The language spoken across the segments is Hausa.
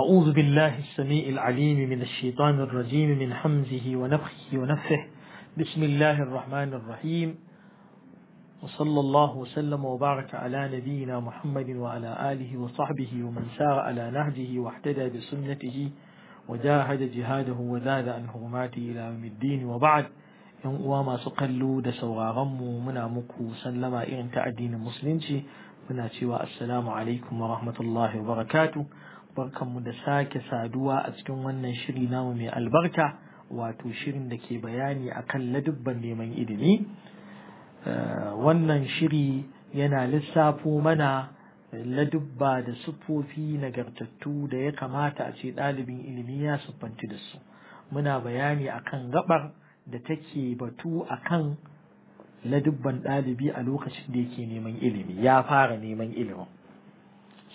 أعوذ بالله السميع العليم من الشيطان الرجيم من حمزه ونفخه ونفه بسم الله الرحمن الرحيم وصلى الله وسلم وبارك على نبينا محمد وعلى آله وصحبه ومن سار على نهجه واحتدى بسنته وجاهد جهاده وزاد عن حرماته إلى يوم الدين وبعد ‘yan uwa masu kallo da sauraronmu muna muku sallama irin ta addinin musulunci muna cewa assalamu alaikum wa barkanmu da sake saduwa a cikin wannan shiri namu mai albarka wato shirin da ke bayani a kan ladubban neman ilimi eh, wannan shiri yana lissafo mana ladubba da siffofi nagartattu da ya kamata a ce ɗalibin ilimi ya siffanci da su muna bayani a kan gabar da take batu a kan ladubban ɗalibi a lokacin da yake neman ilimi ya fara neman ilimin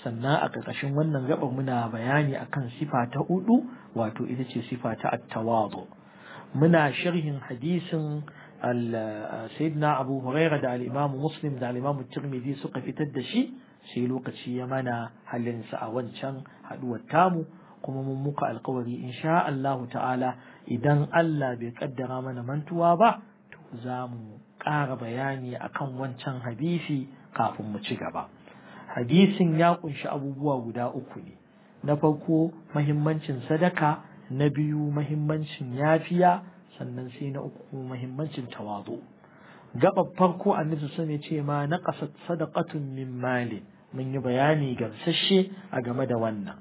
sannan a ƙarƙashin wannan gaba muna bayani akan sifa ta hudu wato ita ce sifa ta attawadu muna sharhin hadisin sayyidina abu huraira da al'imamu muslim da al'imamu tirmidhi suka fitar da shi sai lokaci ya mana halinsa a wancan haduwar tamu kuma mun muka alkawari insha Allahu ta'ala idan Allah bai kaddara mana mantuwa ba to za mu ƙara bayani akan wancan hadisi kafin mu ci gaba hadisin ya kunshi abubuwa guda uku ne na farko mahimmancin sadaka na biyu mahimmancin yafiya sannan sai na uku mahimmancin tawazu gaba farko annabi sun ce ma naqasat sadaqatun min mali mun yi bayani gamsashe a game da wannan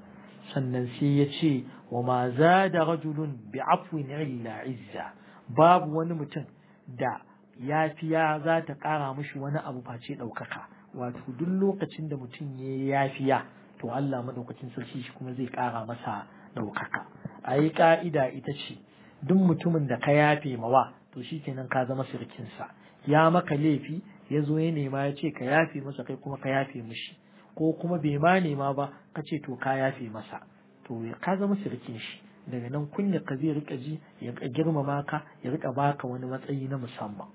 sannan sai ya ce wa ma zada rajulun bi afwin illa izza babu wani mutum da yafiya za ta kara mishi wani abu face ɗaukaka wato duk lokacin da mutum ya yafiya to Allah madaukakin sarki shi kuma zai kara masa ɗaukaka a yi ƙa'ida ita ce duk mutumin da ka yafe mawa to shi kenan ka zama sirkinsa ya maka laifi ya zo ya nema ya ce ka yafe masa kai kuma ka yafe mishi ko kuma bai ma nema ba ka ce to ka yafe masa to ka zama sirkin shi daga nan kunya ka zai rika ji ya girmama ka ya rika baka wani matsayi na musamman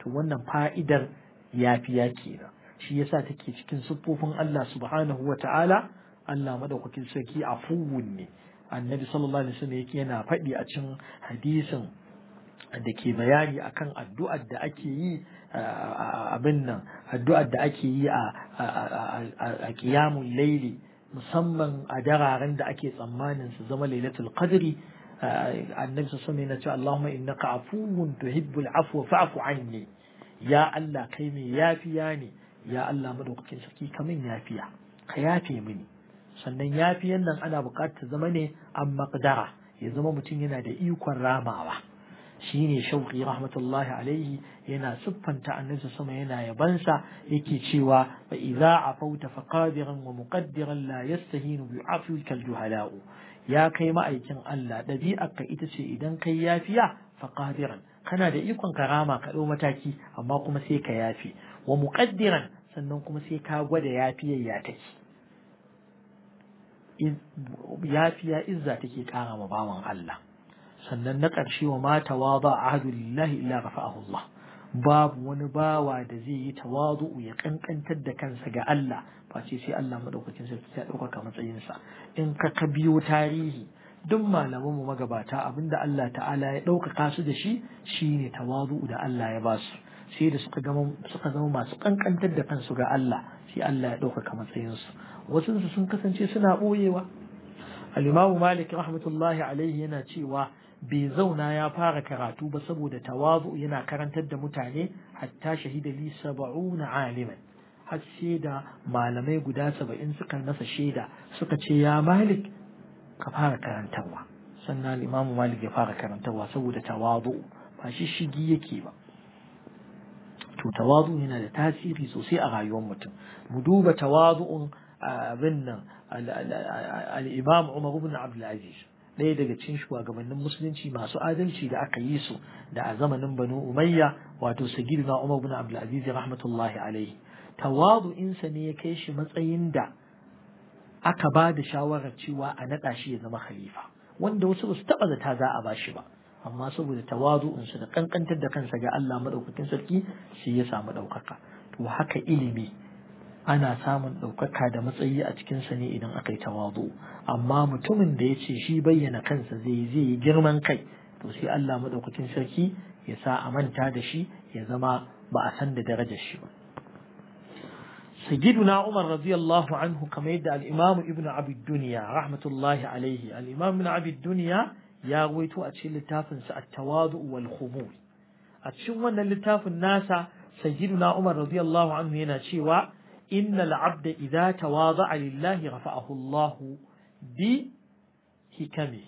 to wannan fa'idar yafiya kenan shi yasa take cikin siffofin Allah subhanahu wa ta'ala Allah madaukakin sarki afuwun ne annabi sallallahu alaihi wasallam yake yana faɗi a cikin hadisin da ke bayani akan addu'ar da ake yi abin nan addu'ar da ake yi a qiyamul layli musamman a dararen da ake tsammanin su zama lailatul qadri annabi sallallahu alaihi wasallam Allahumma innaka afuwun tuhibbul afwa fa'fu anni ya Allah kai mai yafiya ne ya Allah madaukakin sarki kamin yafiya ka yafe mini sannan yafiyan nan ana buƙatar zama ne an maƙdara ya zama mutum yana da ikon ramawa shine shauƙi rahmatullahi alaihi yana siffanta annabi sama yana yabansa yake cewa fa idza afauta faqadiran wa muqaddiran la yastahinu bi afwikal ya kai ma'aikin Allah ka ita ce idan kai yafiya faqadiran kana da ikon karama ka ɗau mataki amma kuma sai ka yafi wa muqaddiran sannan kuma sai ka gwada yafiyar ya take yafiya izza take kara ma bawan Allah sannan na ƙarshe wa ma tawada ahadu lillahi illa rafa'ahu Allah babu wani bawa da zai yi tawadu'u ya kankantar da kansa ga Allah face sai Allah madaukakin sarki ya ɗaukaka matsayinsa in ka ka biyo tarihi duk malamanmu magabata abinda Allah ta'ala ya ɗaukaka su da shi shine tawadu'u da Allah ya basu sai da suka gama suka zama masu kankantar da kansu ga Allah sai Allah ya ɗaukaka matsayinsu wasu sun kasance suna ɓoyewa al-Imam Malik rahmatullahi alaihi yana cewa bai zauna ya fara karatu ba saboda tawazu yana karantar da mutane hatta shahida li 70 aliman har da malamai guda 70 suka nasa shaida suka ce ya Malik ka fara karantarwa sannan al-Imam Malik ya fara karantarwa saboda tawazu ba shi shigi yake ba to tawazu yana da tasiri sosai a rayuwar mutum mu duba tawazu'un abin nan al Umar ibn Abdul Aziz ɗaya daga cikin shugabannin musulunci masu adalci da aka yi su da a zamanin Banu Umayya wato na Umar ibn Abdul Aziz rahmatullahi alaihi tawazu'insa ne ya kai shi matsayin da aka ba da shawarar cewa a naɗa shi ya zama khalifa wanda wasu ba su taɓa zata za a ba shi ba amma saboda tawazu'un su da kankantar da kansa ga Allah madaukakin sarki shi ya samu ɗaukaka to haka ilimi ana samun ɗaukaka da matsayi a cikin sa ne idan aka yi tawazu amma mutumin da ya ce shi bayyana kansa zai zai yi girman kai to sai Allah madaukakin sarki ya sa a manta da shi ya zama ba a san da darajar shi ba سيدنا عمر رضي الله عنه كما يدعى الإمام ابن عبد الدنيا رحمة الله عليه الإمام ابن عبد الدنيا ya ruwaito a cikin littafin sa a tawadu wal khumul a cikin wannan littafin nasa sayyiduna Umar radiyallahu anhu yana cewa innal abda idza tawada'a lillahi rafa'ahu Allah bi hikami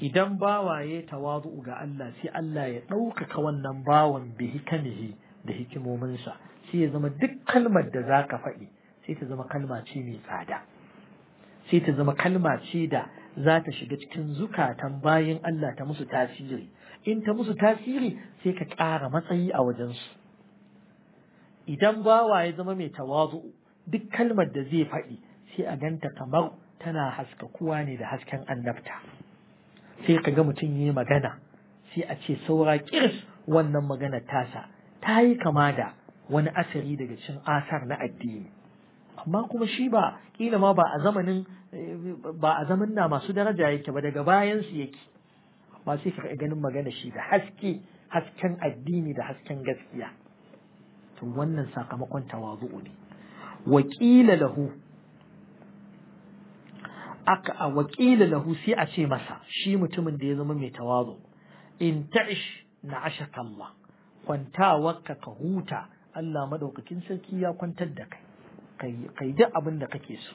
idan bawaye tawazu ga Allah sai Allah ya ɗaukaka wannan bawan bi hikamihi da hikimominsa sai ya zama duk kalmar da za ka faɗi sai ta zama kalma ce mai tsada sai ta zama kalma ce da za ta shiga cikin zukatan bayan Allah ta musu tasiri in ta musu tasiri sai ka ƙara matsayi a wajensu idan bawa ya zama mai tawazu duk kalmar da zai faɗi sai a ganta kamar tana haska kuwa ne da hasken annabta sai ka ga mutum yi magana sai a ce saura kirs wannan magana tasa ta yi kama da wani asari daga cin asar na addini amma kuma shi ba kila ma ba a zamanin ba a zaman na masu daraja yake ba daga bayan su yake amma sai ka ganin magana shi da haske hasken addini da hasken gaskiya to wannan sakamakon tawazu'u ne wakila lahu aka a wakila lahu sai a ce masa shi mutumin da ya zama mai tawazu in ta'ish na ashaka Allah kwantawarka ka huta Allah madaukakin sarki ya kwantar da kai kai duk abin da kake so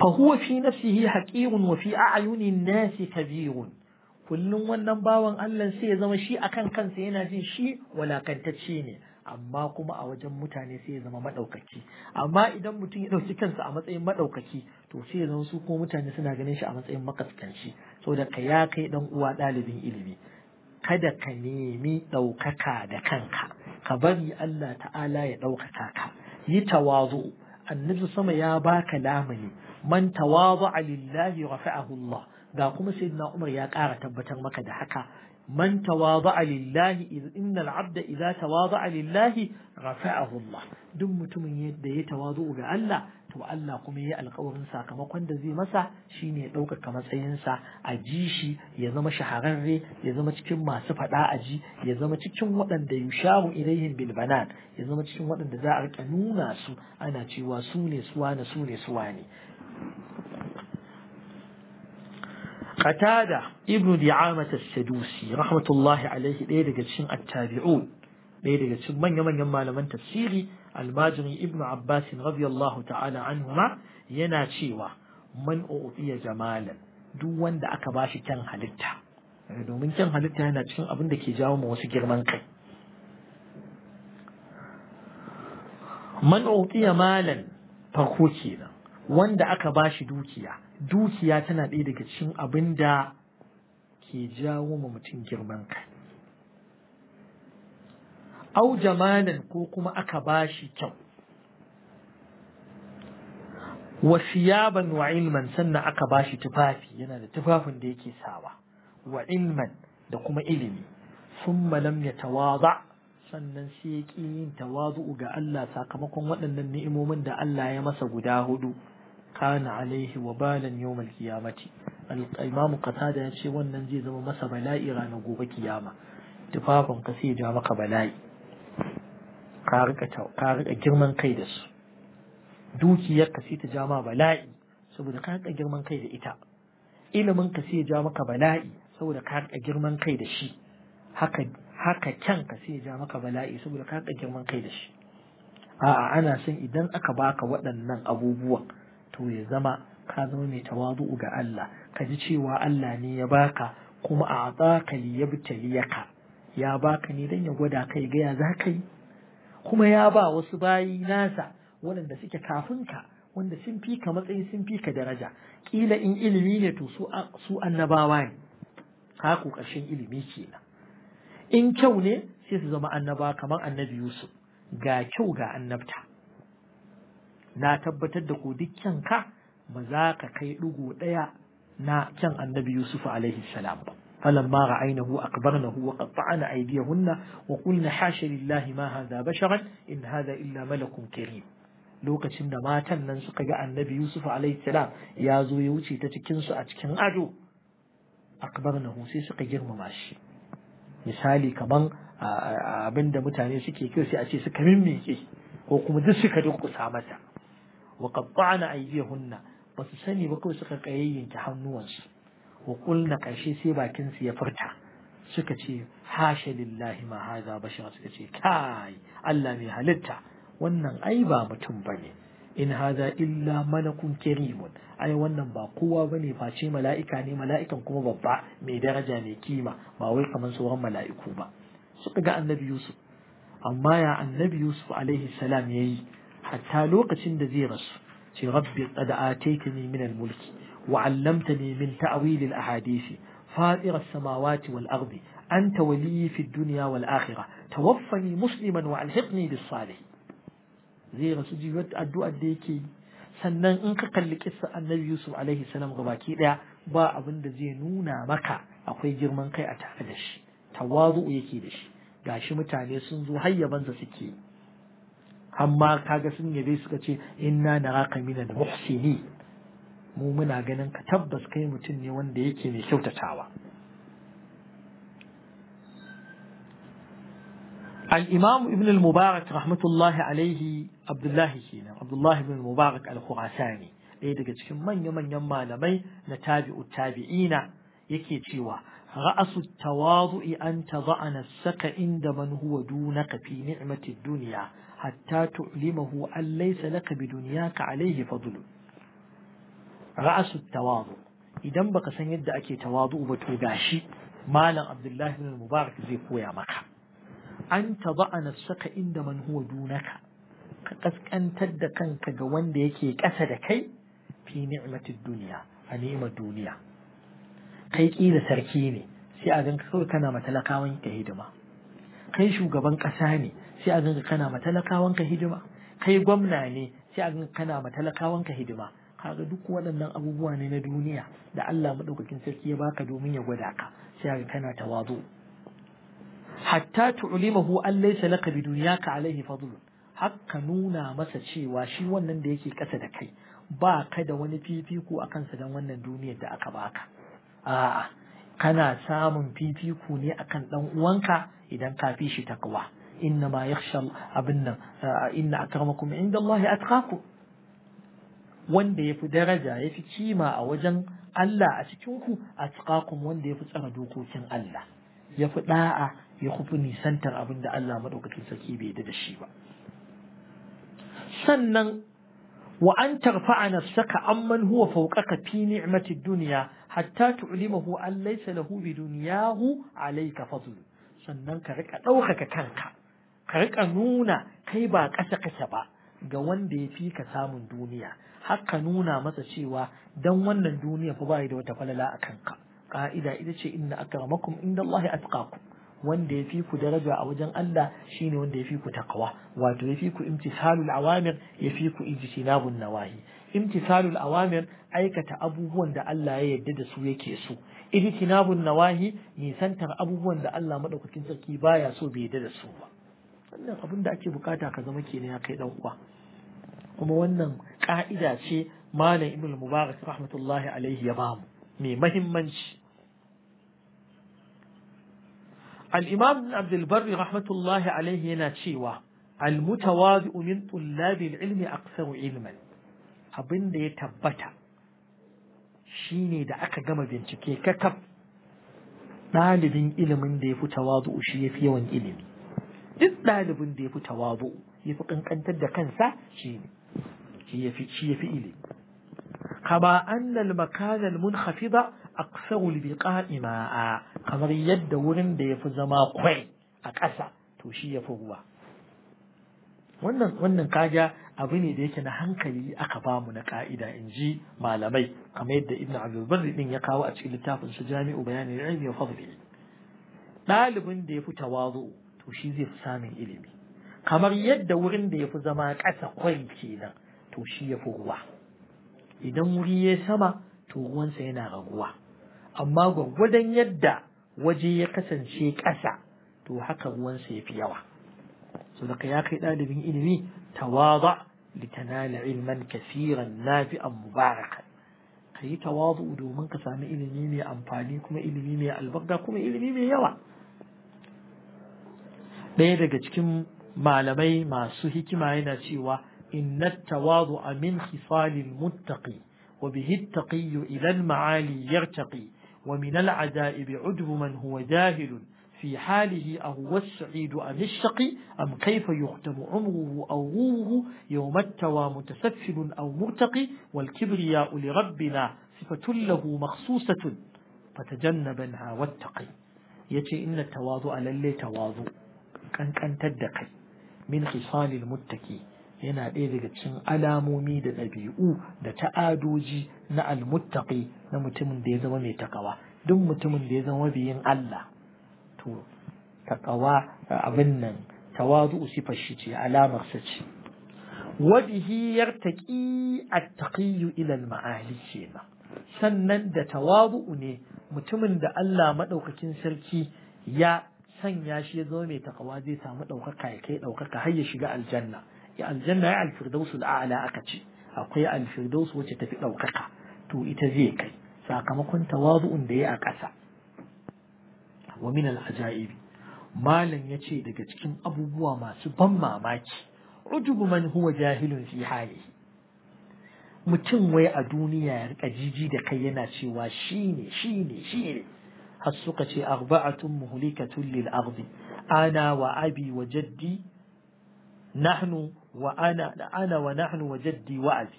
fa huwa fi nafsihi haqirun wa fi a'yuni nasi kabirun kullum wannan bawan Allah sai ya zama shi akan kansa yana jin shi walakantacce ne amma kuma a wajen mutane sai ya zama madaukaki amma idan mutum ya dauki kansa a matsayin madaukaki to sai ya zama su kuma mutane suna ganin shi a matsayin makaskanci saboda ka ya kai dan uwa dalibin ilimi kada ka nemi ɗaukaka da kanka ka bari Allah ta'ala ya ɗaukaka ka yi tawazu annabi sama ya baka lamuni man tawazu lillahi rafa'ahu ga kuma sayyidina Umar ya ƙara tabbatar maka da haka man tawada'a lillahi innal abda idza tawada'a lillahi rafa'ahu Allah duk mutumin da ya tawazu ga Allah to Allah kuma ya yi alƙawarin sakamakon da zai masa shine ya ɗaukaka matsayinsa a ji shi ya zama shahararre ya zama cikin masu faɗa a ya zama cikin waɗanda yusharu ilaihim bil banan ya zama cikin waɗanda za a riƙa nuna su ana cewa su ne suwa ne su ne suwa ne Katada ibn Di'amat al-Sadusi rahmatullahi alaihi ɗaya daga cikin attabi'un ɗaya daga cikin manya-manyan malaman tafsiri almajiri ibn Abbas radiyallahu ta'ala anhuma yana cewa man uqiya jamalan duk wanda aka bashi kyan halitta domin kyan halitta yana cikin abin da ke jawo mu wasu girman kai man uqiya malan farko kenan wanda aka ba shi dukiya dukiya tana ɗaya daga cikin abin da ke jawo ma mutum girman kai au jamanin ko kuma aka ba shi kyau wa siyaban wa ilman sannan aka ba shi tufafi yana da tufafin da yake sawa wa ilman da kuma ilimi sun malam ya tawaza sannan sai ya ƙi yin tawazu'u ga Allah sakamakon waɗannan ni'imomin da Allah ya masa guda hudu kana alaihi wa balan yawmal qiyamati al-imam qatada ya ce wannan zai zama masa bala'i ranar gobe kiyama tufafin ka sai ja maka bala'i ka rika girman kai da su sai ta ja ma bala'i saboda ka rika girman kai da ita ilimin ka sai ja maka bala'i saboda ka girman kai da shi haka haka kyan ka sai ja maka bala'i saboda ka rika girman kai da shi a'a ana son idan aka baka waɗannan abubuwan to ya zama ka zama mai tawadu'u ga Allah ka ji cewa Allah ne ya baka kuma a tsaka liyabtaliyaka ya baka ne dan ya gwada kai ga ya za ka yi kuma ya ba wasu bayi nasa waɗanda suke kafin ka wanda sun fi ka matsayi sun fi ka daraja kila in ilimi ne to su su annabawa ne haku ƙarshen ilimi kenan in kyau ne sai su zama annaba kamar annabi Yusuf ga kyau ga annabta na tabbatar da ko dukkan ka maza ka kai ɗigo ɗaya na kyan annabi Yusuf alaihi salam ba فلما رأينه أكبرنه وقطعنا أيديهن وقلنا حاش لله ما هذا بشرا إن هذا إلا lokacin da matan nan suka ga annabi Yusuf alaihi salam ya zo ya wuce ta cikinsu a cikin ado akbarnahu sai suka girmama shi misali kamar abinda mutane suke kyau sai a suka mimmike ko kuma duk suka durkusa masa wa qatta'na aydiyahunna ba su sani ba kawai suka kayayyanke hannuwansu wa na ƙarshe sai bakin su ya furta suka ce hasha lillahi ma haza bashar suka ce kai Allah mai halitta wannan ai ba mutum ne. in haza illa malakun karimun ai wannan ba kowa ne face mala'ika ne mala'ikan kuma babba mai daraja mai kima ba wai kamar sauran mala'iku ba suka ga annabi Yusuf amma ya annabi Yusuf alaihi salam yayi hatta lokacin da zai rasu ce rabbi qad ataytani min al-mulk wa 'allamtani min ta'wil al-ahadith fatir as-samawati wal-ardi anta waliyyi fi ad-dunya wal-akhirah tawaffani musliman wa alhiqni bis-salih zai rasu jiwat addu'ar da yake sannan in ka kalli kisa annabi yusuf alaihi salam gabaki ɗaya. ba abin da zai nuna maka akwai girman kai a tare da shi tawazu yake da shi gashi mutane sun zo hayyabansa suke amma kaga sun yabe suka ce inna naraka minal muhsini mu muna ganin ka tabbas kai mutum ne wanda yake mai kyautatawa الإمام ابن المبارك رحمة الله عليه عبد الله كينا عبد الله بن المبارك الخراساني ɗaya daga cikin manya-manyan malamai na tabi'u tabi'ina yake cewa ra'asu tawazu'i an taza'ana saka inda man huwa kafi fi duniya hatta tu'limahu an laysa laka bidunyaka alayhi fadlu ra'asu tawadu idan baka san yadda ake tawadu ba to gashi malam abdullahi ibn mubarak zai koya maka an tada'a nafsaka inda man huwa dunaka ka kaskantar da kanka ga wanda yake ƙasa da kai fi ni'matid duniya a ni'imar duniya kai kila sarki ne sai a ganka kawai kana matalakawan ka hidima kai shugaban ƙasa ne sai a ganka kana ma talakawanka hidima kai gwamna ne sai a ganka kana ma talakawanka hidima kaga duk waɗannan abubuwa ne na duniya da Allah madaukakin sarki ya baka domin ya gwada ka sai ga kana tawazu hatta tu'limahu an laysa laka bi dunyaka alaihi fadlun hakka nuna masa cewa shi wannan da yake kasa da kai ba ka da wani fifiko a kansa don wannan duniyar da aka baka a'a kana samun fifiko ne akan dan uwanka idan ka fi shi takwa inna ma yakhsha abin nan inna akramakum inda Allah atqakum wanda yafi daraja yafi kima a wajen Allah a cikin ku atqakum wanda fi tsara dokokin Allah yafi ɗa'a ya kufi nisantar abin da Allah madaukakin sarki bai da shi ba sannan wa an tarfa'a nafsaka amman huwa fawqaka fi ni'mati dunya hatta tu'limahu an laysa lahu bi dunyahu alayka fadlu sannan ka rika ɗaukaka kanka ka riƙa nuna kai ba ƙasa kake ba ga wanda ya fi ka samun duniya har ka nuna masa cewa dan wannan duniya fa ba da wata falala a kanka ka'ida ita ce inna akramakum inda Allah atqakum wanda ya fi ku daraja a wajen Allah shine wanda ya fi ku takawa wato ya fi ku imtisalul awamir ya fi ku ijtinabun nawahi imtisalul awamir aikata abubuwan da Allah ya yarda da su yake so ijtinabun nawahi nisantar abubuwan da Allah madaukakin sarki baya so bai yarda da su ba wannan abin da ake bukata ka zama kenan ya kai dan uwa kuma wannan ƙa'ida ce malam ibn mubarak rahmatullahi alaihi ya bamu mai mahimmanci al-imam abd al-barri rahmatullahi alaihi yana cewa al-mutawadi'u min tullabi al-ilmi aktsaru ilman abin da ya tabbata shine da aka gama bincike kakaf ɗalibin ilimin da ya fi tawazu'u shi ya fi yawan ilimi duk ɗalibin da ya fi tawabu ya fi ƙanƙantar da kansa shi ne shi ya fi ilimi kama annal makanal munkhafida aksaru liqa'i ma'a kamar yadda wurin da ya fi zama kwai a ƙasa to shi ya fi ruwa wannan wannan kaga abu ne da yake na hankali aka ba mu na ka'ida in ji malamai kamar yadda ibn abdulbarri din ya kawo a cikin littafin su jami'u bayanin ilmi wa fadli ɗalibin da ya fi tawazu to shi zai fi samun ilimi kamar yadda wurin da ya fi zama ƙasa kwari kenan to shi ya fi ruwa idan wuri ya sama to ruwansa yana raguwa amma gwaggwadon yadda waje ya kasance ƙasa to haka ruwansa ya fi yawa so ya kai ɗalibin ilimi tawaza litanala ilman kasiran nafi'an mubarakan ka yi tawazu domin ka sami ilimi mai amfani kuma ilimi mai albarka kuma ilimi mai yawa ɗaya daga cikin malamai masu hikima yana cewa inna tawadu min khisalil muttaqi wa bihi at-taqi ila al-ma'ali yartaqi wa min al-'ajaib 'udbu man huwa jahil fi halihi aw was-sa'id am ash-shaqi am kayfa yuhtamu 'umruhu aw ruhuhu yawma at-tawa mutasaffil aw murtaqi wal kibriya li rabbina sifatun lahu makhsusatun fatajannabanha wattaqi yace inna tawadu lalle tawadu kankantar da kai min khisalil muttaki yana ɗaya daga cikin alamomi da ɗabi'u da ta'adoji na almuttaqi na mutumin da ya zama mai takawa duk mutumin da ya zama biyin Allah to takawa abin nan tawazu sifar shi ce alamar sa ce wa yartaqi at-taqiyyu ila al-ma'ali kenan sannan da tawazu ne mutumin da Allah madaukakin sarki ya sanya shi ya zama mai takawa zai samu ɗaukaka ya kai ɗaukaka har ya shiga aljanna ya aljanna ya da a'ala aka ce akwai alfirdausu wacce ta fi ɗaukaka to ita zai kai sakamakon tawazu'un da ya a ƙasa wa min al'ajaibi malam ya ce daga cikin abubuwa masu ban mamaki rujubu man huwa jahilun fi halihi mutum wai a duniya ya rika jiji da kai yana cewa shine shine shine har suka ce arba'atun muhlikatun lil ardi ana wa abi wa jaddi nahnu wa ana ana wa nahnu wa jaddi wa abi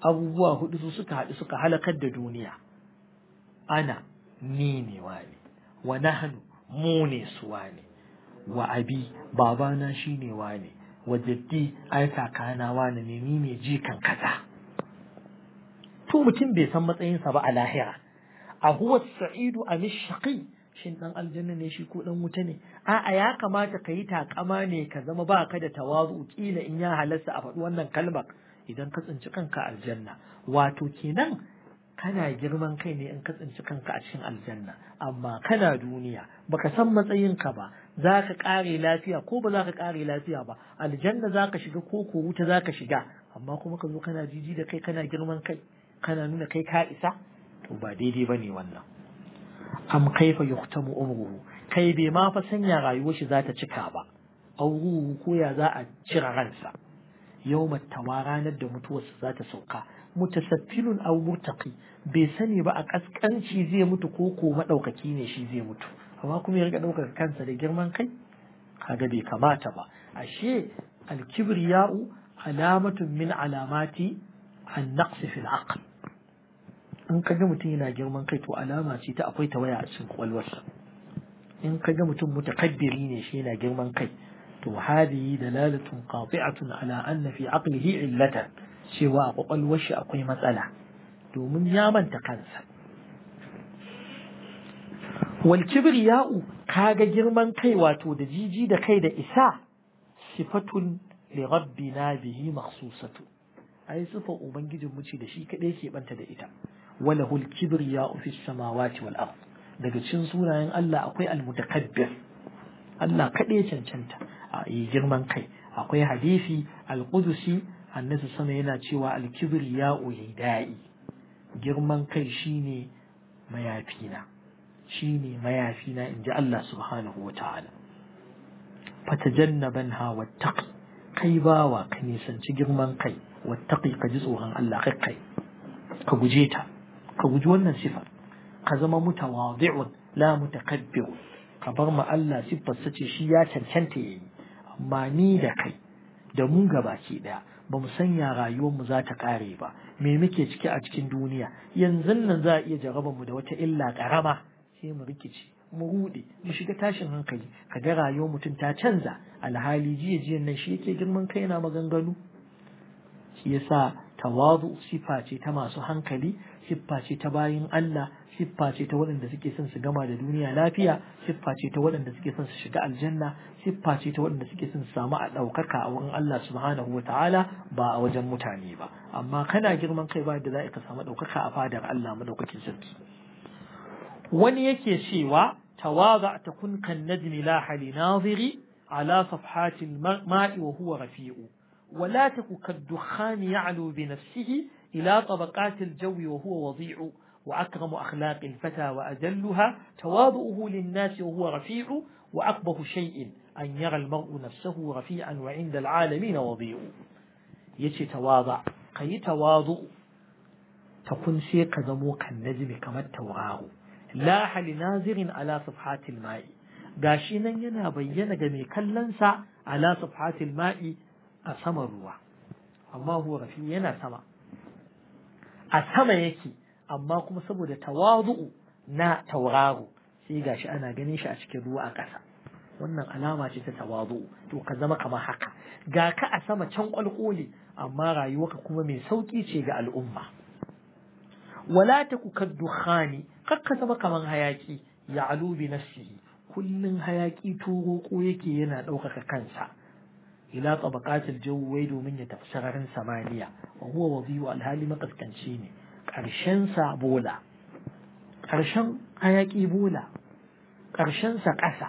abubuwa hudu su suka haɗu suka halakar da duniya ana ni ne wani wa nahnu mu ne su wani wa abi babana ne wani wa jaddi ai kakana wani ne ni ne jikan kaza to mutum bai san matsayinsa ba a lahira a huwa sa'idu a shaqi shin ɗan aljanna ne shi ko dan wuta ne a'a ya kamata ka yi takama ne ka zama ba ka da tawazu kila in ya halasta a faɗi wannan kalmar idan ka tsinci kanka aljanna wato kenan kana girman kai ne in ka tsinci kanka a cikin aljanna amma kana duniya baka san matsayinka ba za ka ƙare lafiya ko ba za ka ƙare lafiya ba aljanna za ka shiga ko ko wuta za ka shiga amma kuma ka zo kana jiji da kai kana girman kai kana nuna kai ka isa to ba daidai ba ne wannan am kaifa yuhtamu umruhu kai bai ma fa sanya rayuwar shi za ta cika ba auruhu ko ya za a cira ransa Yau tawa ranar da mutuwarsa za ta sauka mutasaffilun aw murtaqi bai sani ba a kaskanci zai mutu ko ko madaukaki ne shi zai mutu amma kuma ya rika daukar kansa da girman kai kaga bai kamata ba ashe alkibriya'u alamatun min alamati an naƙsi fil in ka ga mutum yana girman kai to alama ce ta akwai tawaya a cikin kwakwalwarsa in ka ga mutum mutakabbiri ne shi yana girman kai to hadihi dalalatun qati'atun ala anna fi aqlihi illatan cewa a kwakwalwar shi akwai matsala domin ya manta kansa wal kibriya'u kaga girman kai wato da jiji da kai da isa sifatun li rabbina bihi makhsusatu ai sifa ubangijin mu ce da shi kadai ke banta da ita وله الكبرياء في السماوات والأرض daga cikin sunayen Allah akwai al-mutakabbir Allah kaɗai cancanta a yi girman kai akwai hadisi al-qudusi annabi sama yana cewa al-kibriya'u hidai girman kai shine mayafina shine mayafina inji Allah subhanahu wataala fatajannabanha wattaqi kai bawa ka nisanci girman kai wattaqi ka ji tsoron Allah kai kai ka guje ta ka guji wannan sifar ka zama mutawadi'un la mutakabbir ka bar ma Allah siffar sace shi ya cancanta yayi amma ni da kai da mu gabaki daya ba mu sanya rayuwar mu za ta kare ba me muke ciki a cikin duniya yanzu nan za a iya jarabar mu da wata illa karama sai mu rikici mu rude mu shiga tashin hankali ga rayuwar mutum ta canza alhali jiya jiyan nan shi yake girman kai yana maganganu shi yasa tawadu sifa ce ta masu hankali siffa ce ta bayin Allah siffa ce ta waɗanda suke son su gama da duniya lafiya siffa ce ta waɗanda suke son su shiga aljanna siffa ce ta waɗanda suke son su samu a ɗaukaka a wurin Allah subhanahu wa ta'ala ba a wajen mutane ba amma kana girman kai ba da za ka samu ɗaukaka a fadar Allah madaukakin sarki wani yake cewa tawaza ta kun kan najmi la hali naziri ala safhatil ma'i wa huwa rafi'u ولا تك كالدخان يعلو nafsihi. إلى طبقات الجو وهو وضيع وأكرم أخلاق الفتى وأذلها تواضعه للناس وهو رفيع وأقبه شيء أن يرى المرء نفسه رفيعا وعند العالمين وضيع يتي تواضع قي تواضع تكون شيء زمو كالنجم كما التوراه لاح لناظر على صفحات الماء gashi ينا بينا جميع ga mai kallonsa ala safhatil ma'i الله هو رفيع ينا سمى a sama yake amma kuma saboda tawazu'u na tauraro sai gashi ana ganin shi a cikin ruwa a ƙasa wannan alama ce ta tawazu'u to ka zama kamar haka ga ka a sama can kwalkoli amma rayuwarka kuma mai sauƙi ce ga al'umma wala taku dukhani kar ka zama kamar hayaki ya alubi nafsihi kullun hayaki ko yake yana ɗaukaka kansa ila tabaqatil jawwai domin ya tafi sararin samaniya wa huwa wadiyu alhali makaskanci ne karshen sa bola karshen hayaki bola karshen sa ƙasa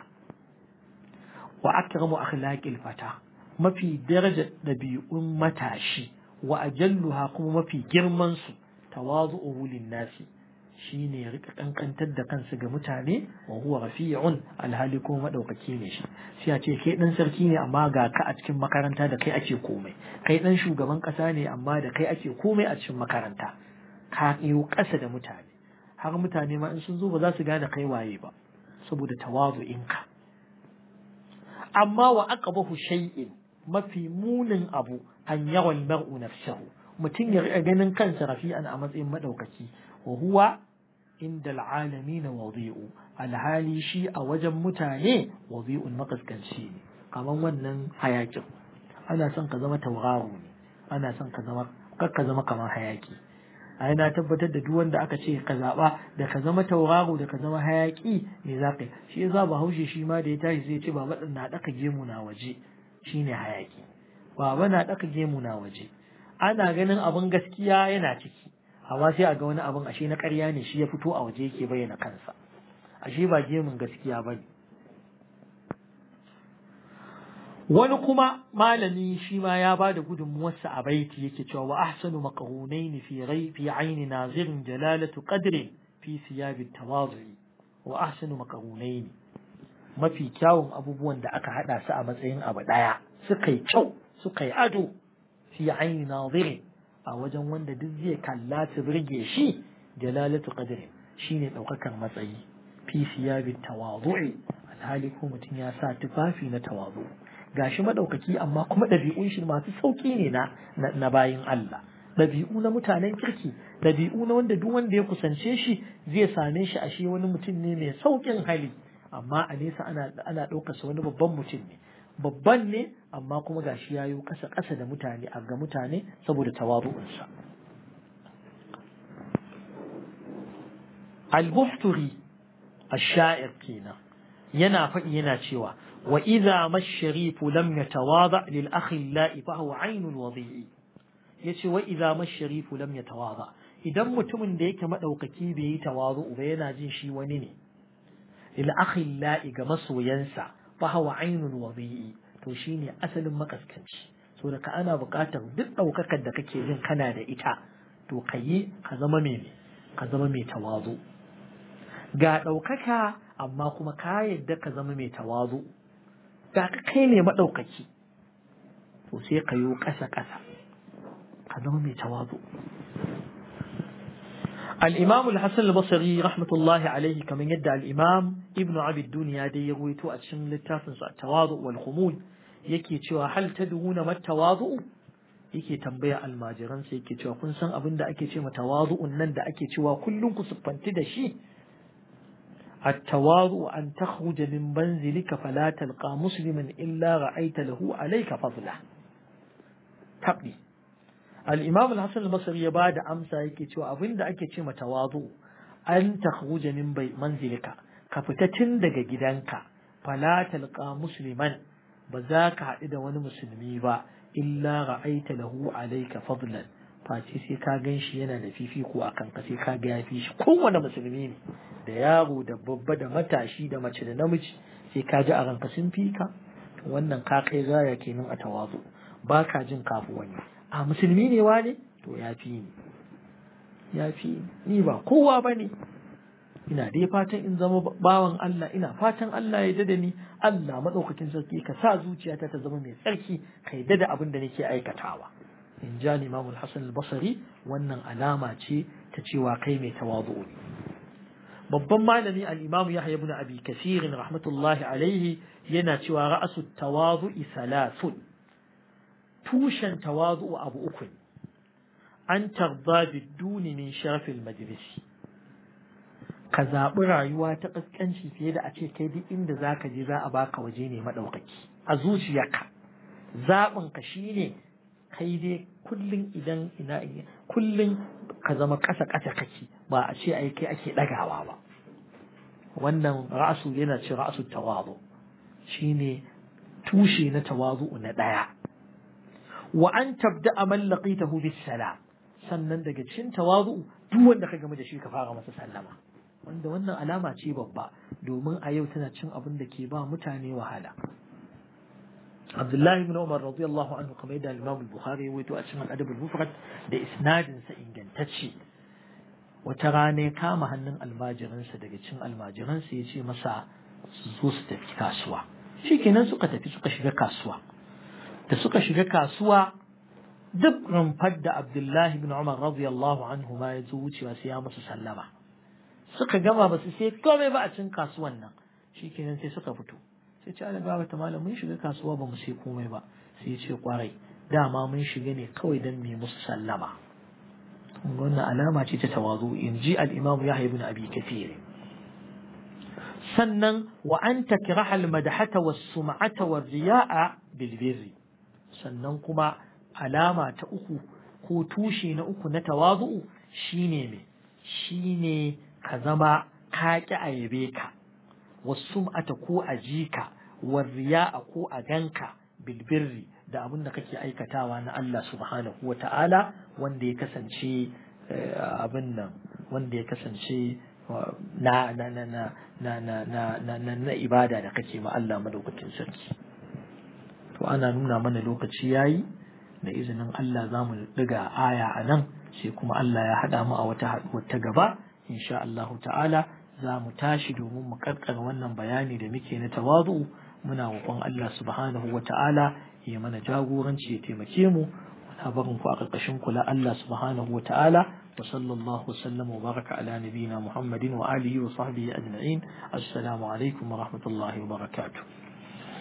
wa akramu akhlaqil fata mafi daraja dabi'un matashi wa ajalluha kuma mafi girman su tawazu'u lin nasi shine ya rika kankantar da kansa ga mutane wa huwa rafi'un alhali kuma madaukaki ne shi sai a ce kai dan sarki ne amma ga ka a cikin makaranta da kai ake komai kai dan shugaban kasa ne amma da kai ake komai a cikin makaranta ka yi kasa da mutane har mutane ma in sun zo ba za su gane kai waye ba saboda ka. amma wa aqbahu shay'in mafi munin abu an yawan mar'u nafsahu mutum ya ganin kansa rafi'an a matsayin madaukaki wa huwa inda al'alami na wazi'u alhali shi a wajen mutane wadi'un makaskanci ne kamar wannan hayakin ana son ka zama tauraro ne ana son ka zama kar ka zama kamar hayaki a tabbatar da duk wanda aka ce ka zaba da ka zama tauraro da ka zama hayaki me za ka Shi shi yasa bahaushe shi ma da ya tashi zai ce baba na daka gemu na waje shine hayaki baba na daka gemu na waje ana ganin abin gaskiya yana ciki amma sai a ga wani abin ashe na ƙarya ne shi ya fito a waje yake bayyana kansa ashe ba gemun gaskiya ba ne wani kuma malami shi ma ya ba da gudunmuwarsa a baiti yake cewa wa ahsanu maqhunain fi rai fi aini nazirin jalalatu qadri fi siyabi tawazu'i wa ahsanu maqhunain mafi kyawun abubuwan da aka hada su a matsayin abu daya suka yi kyau suka yi ado fi aini nazirin a wajen wanda duk zai kalla su birge shi jalalatu qadri shine daukakar matsayi fi siyabi tawadu'i alhali ko mutum ya sa tufafi na tawazu gashi madaukaki amma kuma ɗabi'un shi masu sauki ne na na bayin Allah ɗabi'u na mutanen kirki ɗabi'u na wanda duk wanda ya kusance shi zai same shi ashe wani mutum ne mai saukin hali amma a nesa ana ana ɗaukar sa wani babban mutum ne babban ne amma kuma ga shi yayo kasa kasa da mutane a ga mutane saboda tawaru'unsa al-buhturi ash-sha'ir kenan yana faɗi yana cewa wa idza mash-sharifu lam yatawada lil akhilla'i fa huwa 'aynul wadi'i yace wa idza mash-sharifu lam idan mutumin da yake madaukaki bai yi tawazu ba yana jin shi wani ne lil akhilla'i ga masoyansa fa huwa 'aynul wadi'i to shine asalin makaskanci so da ka ana buƙatar duk ɗaukakar da kake yin kana da ita to ka yi ka zama mai ka zama mai tawazu ga ɗaukaka amma kuma ka yadda ka zama mai tawazu ga ka kai ne maɗaukaki to sai ka yi ƙasa ƙasa ka zama mai tawazu الإمام الحسن البصري رحمة الله عليه كما يدعى الإمام ابن عبد الدنيا دي يرويتو أتشن للتافنس التواضع والخمول يكي تشوى هل تدعون ما التواضع yake tambaya almajiran sai yake cewa kun san abin da ake ce ma tawazu'un nan da ake cewa kullum ku siffanti da shi at-tawazu an takhruja min manzilika fala talqa musliman illa ra'aita lahu alayka fadla al-imam al-hasan al-basri ya amsa yake cewa abinda ake ce ma tawazu an takhruja min bai manzilika ka fita tun daga gidanka fala talqa musliman ba za ka haɗu da wani musulmi ba illa ra'aita lahu alayka fadlan face sai ka gan shi yana da fifiko a ka sai ka ga yafi shi kowane musulmi ne da yaro da babba da matashi da mace da namiji sai ka ji a ranka sun fika wannan ka kai gaya kenan a tawazu ba ka jin kafu wani a musulmi ne wane to ya fi ni ya fi ni ba kowa ba ne ina dai fatan in zama bawan Allah ina fatan Allah ya dada ni Allah maɗaukakin sarki ka sa zuciyata ta zama mai tsarki ka yi dada abin da nake aikatawa in ja Imam Hassan al-Basri wannan alama ce ta cewa kai mai tawazu ne babban malami al-Imam Yahya ibn Abi Kathir rahmatullahi alaihi yana cewa ra'asu tawazu'i salasun tushen tawazu abu uku ne an tarba biduni min sharafin majlisi ka zaɓi rayuwa ta ƙasƙanci fiye da a ce kai duk inda za ka je za a baka waje ne maɗaukaki a zuciyarka zaɓinka shi ne kai dai kullum idan ina kullum ka zama ƙasa ƙasa kake ba a ce ai kai ake ɗagawa ba wannan ra'asu yana ce ra'asu tawazu shine tushe na tawazu na ɗaya wa an tabda amal laqitahu bis salam sannan daga cikin tawazu duk wanda ka game da shi ka fara masa sallama wanda wannan alama ce babba domin a yau tana cin abin da ke ba mutane wahala Abdullahi ibn Umar radiyallahu anhu kamar yadda Imam Bukhari ya wato a cikin Adab al-Mufrad da isnadin sa ingantacce wata rana ya kama hannun almajiransa daga cikin almajiransa ya ce masa su zo su tafi kasuwa shikenan suka tafi suka shiga kasuwa da suka shiga kasuwa duk rumfar da Abdullahi bin Umar radiyallahu anhu ma ya zo wucewa sai ya musu sallama suka gama ba su sai komai ba a cin kasuwan nan kenan sai suka fito sai ce ala baba ta malam mun shiga kasuwa ba mu sai komai ba sai ce kwarai dama mun shiga ne kawai dan mu musu sallama wannan alama ce ta tawazu in ji al-Imam Yahya ibn Abi kafiri sannan wa an takraha al-madahata was-sum'ata war-riya'a bil sannan kuma alama ta uku ko tushe na uku na tawazu'u shine me shine ka zama ka ƙi a ka ka wasum'ata ko a jika a ko a ganka bilbirri da abin da kake aikatawa na Allah subhanahu wa ta'ala wanda ya kasance eh, abin nan wanda ya kasance eh, na na na na na na na ibada da kake ma Allah madaukakin sarki ana nuna mana lokaci yayi da izinin Allah za mu ɗiga aya a nan sai kuma Allah ya haɗa mu a wata haɗuwar ta gaba insha Allahu ta'ala za mu tashi domin mu ƙarƙara wannan bayani da muke na tawazu muna roƙon Allah subhanahu wa ta'ala ya mana jagoranci ya taimake mu muna barin ku a ƙarƙashin kula Allah subhanahu wa ta'ala wa sallallahu wa baraka ala nabiyina Muhammadin wa alihi wa sahbihi ajma'in assalamu alaikum wa rahmatullahi wa barakatuh